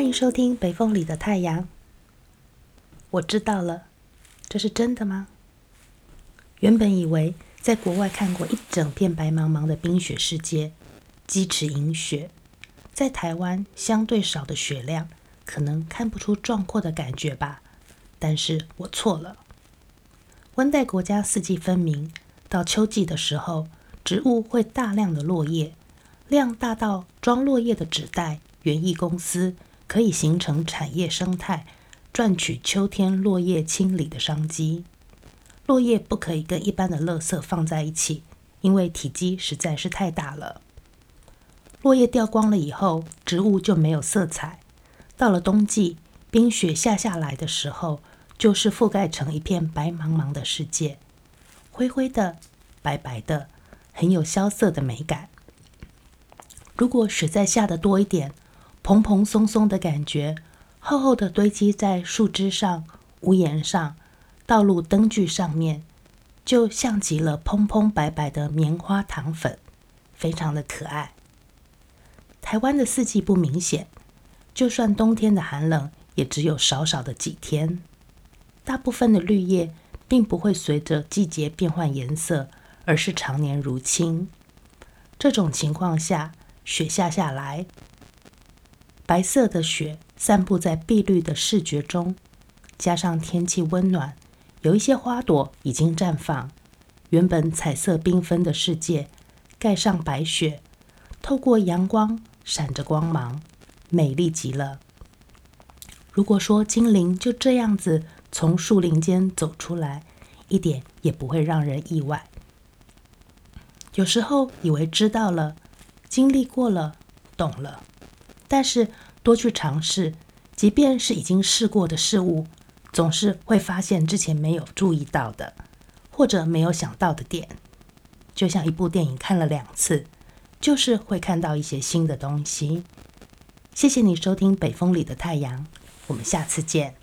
歡迎收聽《北風裡的太陽》。我知道了，這是真的嗎？原本以為在國外看過一整片白茫茫的冰雪世界，積尺盈雪，在臺灣相對少的雪量，可能看不出壯闊的感覺吧。但是我錯了。溫帶國家四季分明，到秋季的時候，植物會大量的落葉，量大到裝落葉的紙袋，園藝公司，可以形成產業生態，賺取秋天落葉清理的商機。落葉不可以跟一般的垃圾放在一起，因為體積實在是太大了。落葉掉光了以後，植物就沒有色彩。到了冬季，冰雪下下來的時候，就是覆蓋成一片白茫茫的世界，灰灰的，白白的，很有蕭瑟的美感。如果雪再下得多一點。蓬蓬鬆鬆的感覺，厚厚的堆積在樹枝上、屋檐上、道路燈具上面，就像極了蓬蓬白白的棉花糖粉，非常的可愛。台灣的四季不明顯，就算冬天的寒冷，也只有少少的幾天。大部分的綠葉並不會隨着季節變換顏色，而是常年如青。這種情況下，雪下下來。白色的雪散佈在碧綠的視覺中，加上天氣溫暖，有一些花朵已經綻放。原本彩色繽紛的世界蓋上白雪，透過陽光閃着光芒，美麗極了。如果說精靈就這樣子從樹林間走出來，一點也不會讓人意外。有時候以為知道了，經歷過了，懂了。但是多去嘗試，即便是已經試過的事物，總是會發現之前沒有注意到的，或者沒有想到的點。就像一部電影看了兩次，就是會看到一些新的東西。謝謝你收聽《北風裡的太陽》，我們下次見。